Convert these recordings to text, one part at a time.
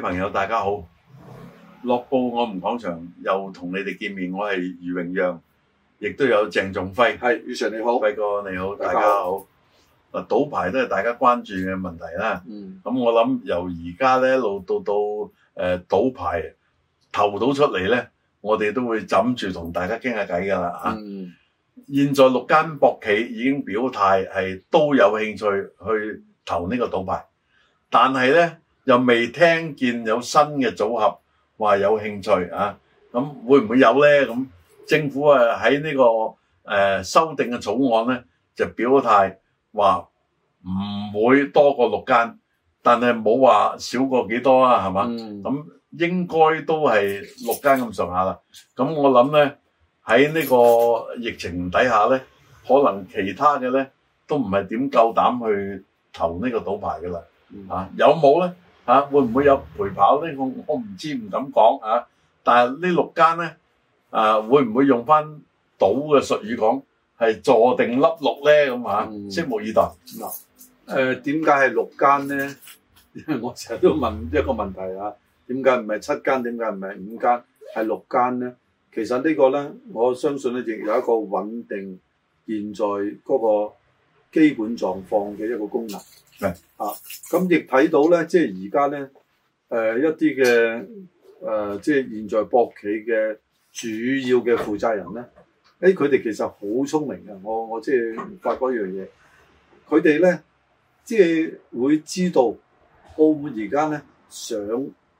朋友大家好，樂報我哋講場又同你哋見面，我係余榮陽，亦都有鄭仲輝，係余 Sir 你好，輝哥你好，大家好。嗱賭牌都係大家關注嘅問題啦。咁、嗯、我諗由而家咧，一路到到誒賭、呃、牌投到出嚟咧，我哋都會枕住同大家傾下偈㗎喇啊。嗯、現在六間博企已經表態，係都有興趣去投呢個賭牌，但係咧。又未聽見有新嘅組合話有興趣啊？咁會唔會有呢？咁政府啊喺呢個誒修訂嘅草案呢就表咗態，話唔會多過六間，但係冇話少過幾多呀，係嘛？咁應該都係六間咁上下啦。咁我諗呢喺呢個疫情底下呢，可能其他嘅呢都唔係點夠膽去投呢個賭牌噶啦。啊，有冇呢？嚇，啊，會唔會有陪跑呢？我我唔知，唔敢講，啊，但係呢六間呢，誒，啊，會唔會用翻賭嘅術語講係坐定粒六呢？咁啊，拭目以待嗱。誒點解係六間呢？因為 我成日都問一個問題啊，點解唔係七間？點解唔係五間？係六間呢？其實個呢個咧，我相信咧，亦有一個穩定現在嗰個基本狀況嘅一個功能。係啊，咁亦睇到咧，即係而家咧，誒、呃、一啲嘅誒，即係現在博企嘅主要嘅負責人咧，誒佢哋其實好聰明嘅，我我即係發覺一樣嘢，佢哋咧即係會知道澳門而家咧想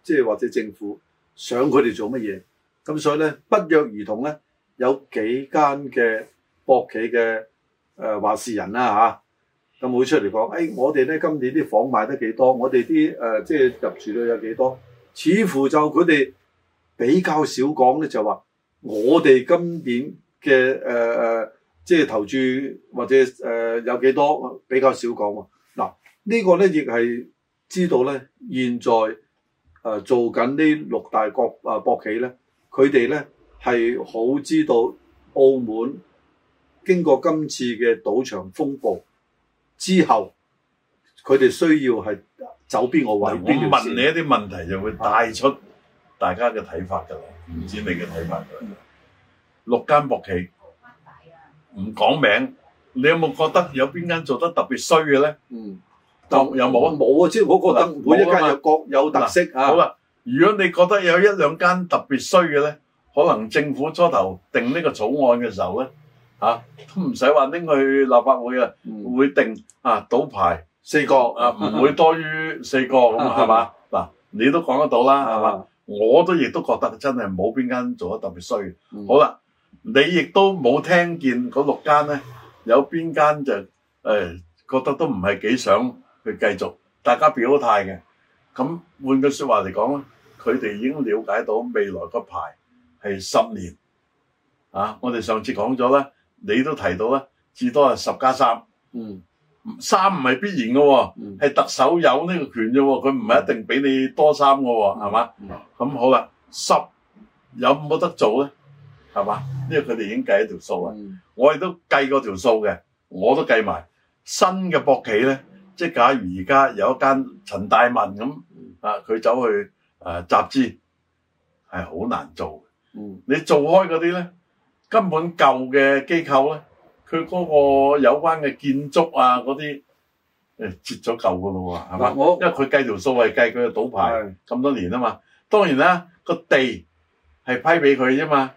即係或者政府想佢哋做乜嘢，咁所以咧不約而同咧有幾間嘅博企嘅誒、呃、話事人啦、啊、吓。啊咁會出嚟講，誒、哎，我哋咧今年啲房賣得幾多？我哋啲誒，即、呃、係、就是、入住率有幾多？似乎就佢哋比較少講咧，就話我哋今年嘅誒即係投注或者誒、呃、有幾多比較少講。嗱、啊，這個、呢個咧亦係知道咧，現在誒、呃、做緊呢六大國誒、呃、博企咧，佢哋咧係好知道澳門經過今次嘅賭場風暴。之後，佢哋需要係走邊個位？我問你一啲問題，就會帶出大家嘅睇法噶啦。唔、嗯、知你嘅睇法了、嗯、六間博企，唔講名，你有冇覺得有邊間做得特別衰嘅咧？嗯，就又冇啊，冇啊，即係我，我覺得每一家又各有特色啊。嗯、好啦，如果你覺得有一兩間特別衰嘅咧，可能政府初頭定呢個草案嘅時候咧。嚇、啊、都唔使話拎去立法會、嗯、會啊，會定啊賭牌四個啊，唔、嗯、會多於四個咁、嗯、吧啊，係嘛？嗱，你都講得到啦，係嘛？嗯、我都亦都覺得真係冇邊間做得特別衰。嗯、好啦，你亦都冇聽見嗰六間咧，有邊間就誒、哎、覺得都唔係幾想去繼續，大家表態嘅。咁換句說話嚟講咧，佢哋已經了解到未來個牌係十年啊！我哋上次講咗咧。你都提到咧，至多係十加三。嗯，三唔係必然嘅喎，係、嗯、特首有呢個權啫喎，佢唔係一定俾你多三個喎，係嘛？咁好啦，十有冇得做咧？係嘛？呢、這個佢哋已經計咗條數啊，嗯、我亦都計過條數嘅，我都計埋新嘅博企咧。即係假如而家有一間陳大文咁啊，佢、嗯、走去誒、呃、集資，係好難做。嗯，你做開嗰啲咧？根本舊嘅機構咧，佢嗰個有關嘅建築啊，嗰啲誒折咗舊噶喇喎，係嘛？我因為佢計條數係計佢嘅賭牌咁的多年啊嘛。當然啦，個地係批俾佢啫嘛。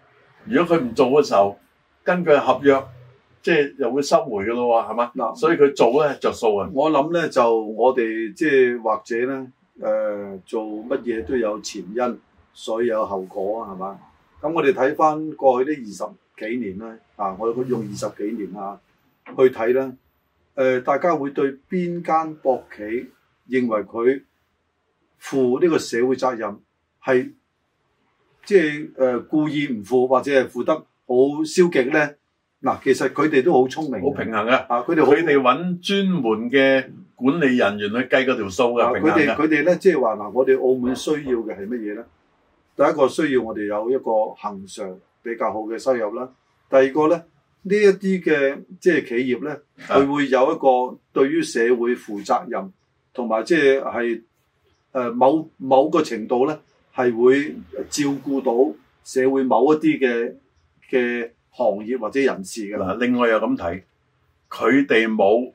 如果佢唔做嘅時候，根據合約，即係又會收回噶咯喎，係嘛？嗱那，所以佢做咧着數啊。我諗咧就我哋即係或者咧誒、呃、做乜嘢都有前因，所以有後果啊，係嘛？咁我哋睇翻過去啲二十，幾年咧？啊，我哋用二十幾年啊，去睇啦。誒，大家會對邊間博企認為佢負呢個社會責任係即係誒故意唔負，或者係負得好消極咧？嗱、呃，其實佢哋都好聰明，好平衡嘅。啊，佢哋佢哋揾專門嘅管理人員去計嗰條數嘅。佢哋佢哋咧，即係話嗱，我哋澳門需要嘅係乜嘢咧？第一個需要我哋有一個恒常。比較好嘅收入啦。第二個咧，呢一啲嘅即係企業咧，佢的會有一個對於社會負責任，同埋即係誒某某個程度咧，係會照顧到社會某一啲嘅嘅行業或者人士㗎。嗱，另外又咁睇，佢哋冇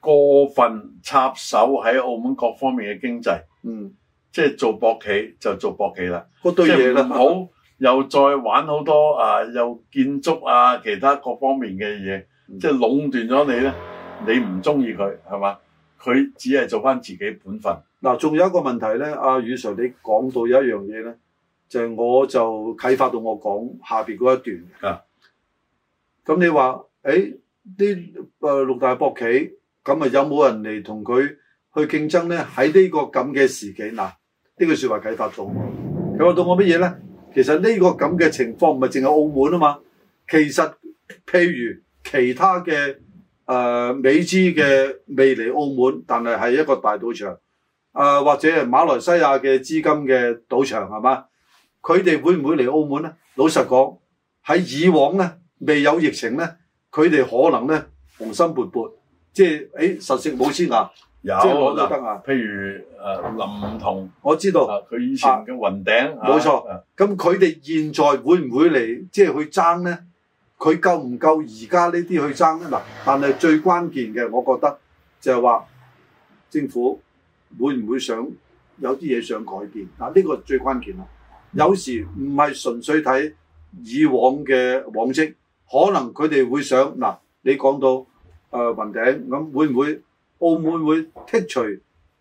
過分插手喺澳門各方面嘅經濟。嗯，即係做博企就做博企啦，嗰啲嘢，唔好。又再玩好多啊，又建築啊，其他各方面嘅嘢，即係、嗯、壟斷咗你咧，你唔中意佢係嘛？佢只係做翻自己本分。嗱，仲有一個問題咧，阿、啊、宇 Sir，你講到有一樣嘢咧，就係、是、我就啟發到我講下邊嗰一段。啊的，咁你話，誒呢誒六大博企，咁啊有冇人嚟同佢去競爭咧？喺呢個咁嘅時期，嗱呢句説話啟發到我，啟發到我乜嘢咧？其實呢個咁嘅情況唔淨係澳門啊嘛，其實譬如其他嘅誒、呃、美資嘅未嚟澳門，但係係一個大賭場，誒、呃、或者係馬來西亞嘅資金嘅賭場係嘛？佢哋會唔會嚟澳門咧？老實講，喺以往咧未有疫情咧，佢哋可能咧雄心勃勃。即係，誒實質冇先啊！有的，即係我都得啊。譬如誒林同，我知道佢以前嘅雲頂，冇錯、啊。咁佢哋現在會唔會嚟，即係去爭咧？佢夠唔夠而家呢啲去爭咧？嗱、啊，但係最關鍵嘅，我覺得就係話政府會唔會想有啲嘢想改變嗱，呢、啊這個最關鍵啦。嗯、有時唔係純粹睇以往嘅往績，可能佢哋會想嗱、啊，你講到。誒、呃、雲頂咁會唔會澳門會剔除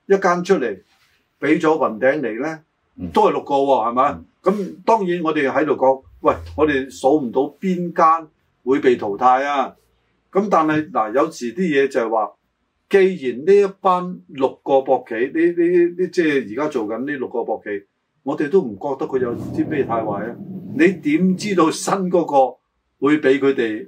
一間出嚟，俾咗雲頂嚟咧？都係六個喎、哦，係咪？咁當然我哋喺度講，喂，我哋數唔到邊間會被淘汰啊！咁但係嗱、呃，有時啲嘢就係話，既然呢一班六個博企，呢呢呢即係而家做緊呢六個博企，我哋都唔覺得佢有啲咩太壞啊！你點知道新嗰個會俾佢哋？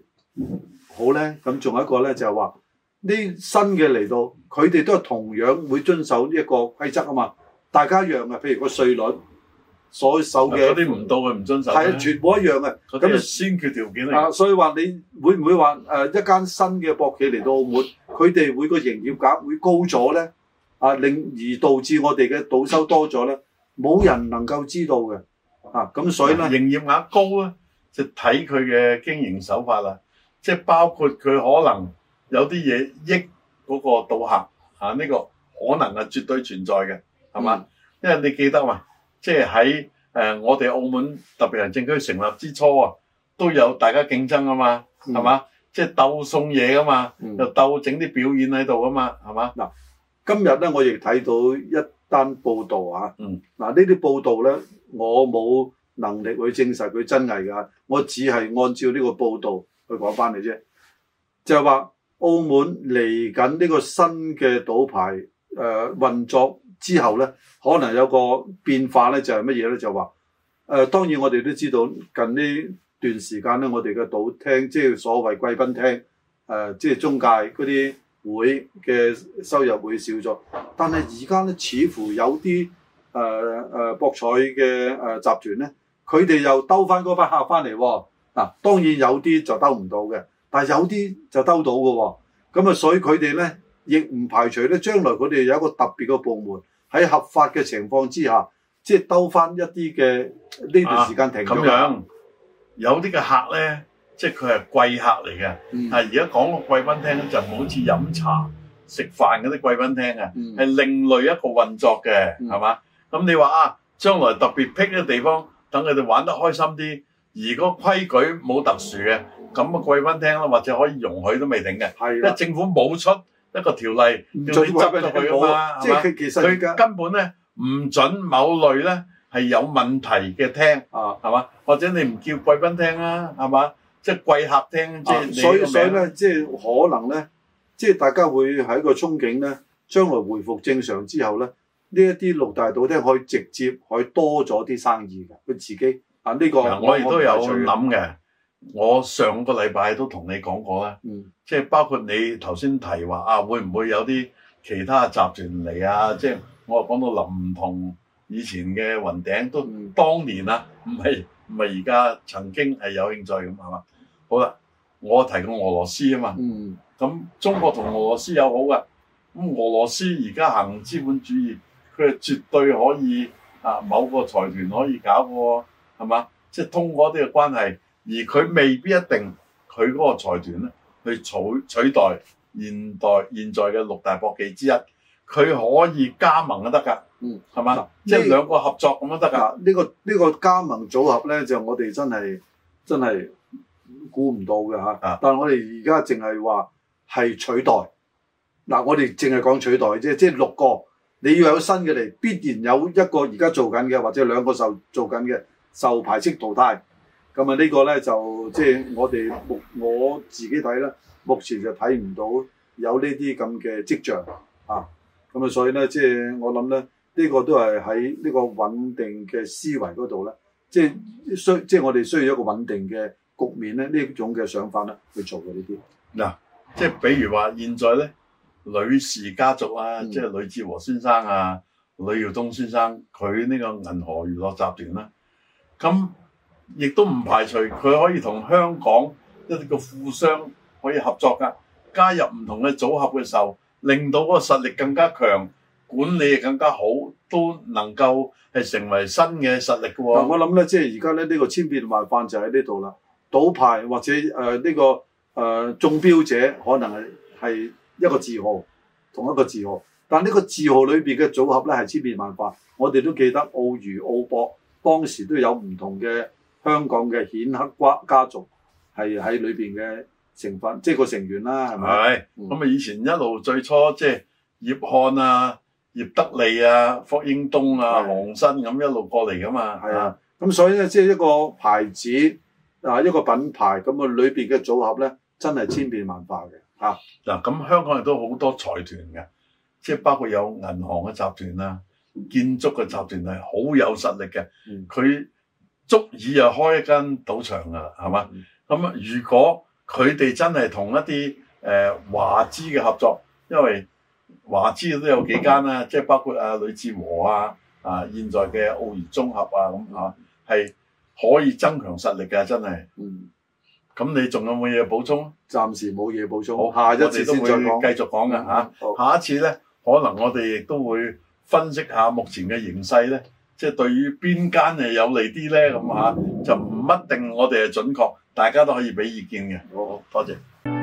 好咧，咁仲有一個咧，就係話呢新嘅嚟到，佢哋都係同樣會遵守呢一個規則啊嘛。大家一樣嘅，譬如個稅率所受嘅，嗰啲唔到嘅唔遵守，係啊，全部一樣嘅。咁就，先決條件啊，所以話你會唔會話誒一間新嘅博企嚟到澳門，佢哋每個營業額會高咗咧，啊，令而導致我哋嘅賭收多咗咧，冇人能夠知道嘅。啊，咁所以咧，營業額高咧，就睇佢嘅經營手法啦。即係包括佢可能有啲嘢益嗰個賭客吓，呢個可能係絕對存在嘅，係嘛？嗯、因為你記得嘛，即係喺我哋澳門特別行政區成立之初啊，都有大家競爭啊嘛，係、嗯、嘛？即係鬥送嘢啊嘛，又鬥整啲表演喺度啊嘛，係嘛？嗱，今日咧我亦睇到一單報導啊，嗱呢啲報導咧，我冇能力去證實佢真偽㗎，我只係按照呢個報導。去講翻嚟啫，就係話澳門嚟緊呢個新嘅賭牌誒、呃、運作之後咧，可能有個變化咧，就係乜嘢咧？就話誒、呃，當然我哋都知道近呢段時間咧，我哋嘅賭廳即係所謂貴賓廳誒、呃，即係中介嗰啲會嘅收入會少咗。但係而家咧，似乎有啲誒誒博彩嘅誒、呃、集團咧，佢哋又兜翻嗰班客翻嚟喎。嗱、啊，當然有啲就兜唔到嘅，但有啲就兜到嘅喎、哦。咁啊，所以佢哋咧亦唔排除咧，將來佢哋有一個特別嘅部門喺合法嘅情況之下，即係兜翻一啲嘅呢段時間停咗。咁、啊、樣有啲嘅客咧，即係佢係貴客嚟嘅。啊、嗯，而家講個貴賓廳咧，就唔好似飲茶食飯嗰啲貴賓廳啊，係、嗯、另類一個運作嘅，係嘛、嗯？咁你話啊，將來特別僻嘅地方，等佢哋玩得開心啲。如果規矩冇特殊嘅，咁啊貴賓廳咯，或者可以容許都未定嘅。係，因為政府冇出一個條例，要你執入去啊，係嘛？即係佢其實佢根本咧唔準某類咧係有問題嘅廳啊，係嘛？或者你唔叫貴賓廳啦，係嘛？即係貴客廳，即係你嘅名。所以所以咧，即係可能咧，即係大家會喺個憧憬咧，將來回復正常之後咧，呢一啲六大賭廳可以直接可以多咗啲生意嘅，佢自己。啊！呢、這個我亦都有諗嘅。我上個禮拜都同你講過啦，即係、嗯、包括你頭先提話啊，會唔會有啲其他集團嚟啊？即係、嗯、我話講到林同以前嘅雲頂都當年啊，唔係唔係而家曾經係有興趣咁係嘛？好啦，我提過俄羅斯啊嘛，咁、嗯、中國同俄羅斯友好嘅，咁俄羅斯而家行資本主義，佢絕對可以啊，某個財團可以搞嘅喎係嘛？即係通過啲嘅關係，而佢未必一定佢嗰個財團咧去取取代現代現在嘅六大博企之一，佢可以加盟都得㗎。嗯，係嘛吧？你即係兩個合作咁樣得㗎。呢、這個呢、這個加盟組合咧，就我哋真係真係估唔到嘅、啊、但我哋而家淨係話係取代嗱，我哋淨係講取代啫。即、就、係、是、六個你要有新嘅嚟，必然有一個而家做緊嘅，或者兩個受做緊嘅。受排斥淘汰，咁啊呢個咧就即係我哋目我自己睇咧，目前就睇唔到有呢啲咁嘅跡象啊。咁啊，所以咧即係我諗咧，呢、這個都係喺呢個穩定嘅思維嗰度咧，即係需即係我哋需要一個穩定嘅局面咧，呢一種嘅想法咧去做嘅呢啲。嗱、啊，即係比如話現在咧，呂氏家族啊，嗯、即係呂志和先生啊，呂、嗯、耀東先生，佢呢個銀河娛樂集團啦。咁亦都唔排除佢可以同香港一啲嘅富商可以合作噶，加入唔同嘅組合嘅時候，令到個實力更加強，管理亦更加好，都能夠係成為新嘅實力嘅喎、哦嗯。我諗咧，即係而家咧，呢、這個千變萬化就喺呢度啦。賭牌或者呢、呃這個誒、呃、中標者，可能係係一個字號，同一個字號，但呢個字號裏邊嘅組合咧係千變萬化。我哋都記得澳娛、澳博。當時都有唔同嘅香港嘅顯赫瓜家族係喺裏邊嘅成分，即係個成員啦，係咪？咁啊，以前一路最初即係葉漢啊、葉德利啊、霍英東啊、的王新咁一路過嚟噶嘛。係啊的，咁的所以咧，即係一個牌子啊，的一個品牌咁啊，裏邊嘅組合咧，真係千變萬化嘅嚇。嗱，咁香港亦都好多財團嘅，即係包括有銀行嘅集團啦。建築嘅集團係好有實力嘅，佢、嗯、足以又開一間賭場啊，係嘛？咁、嗯、如果佢哋真係同一啲誒華資嘅合作，因為華資都有幾間啦，即係、嗯、包括阿呂志和啊，啊現在嘅澳娛綜合啊咁啊，係可以增強實力嘅，真係。嗯，咁你仲有冇嘢補充？暫時冇嘢補充。好，下一次我們都會繼續講嘅吓。嗯、的下一次咧，可能我哋亦都會。分析下目前嘅形勢咧，即係對於邊間係有利啲咧咁吓，就唔一定我哋係準確，大家都可以俾意見嘅。好，好，多謝。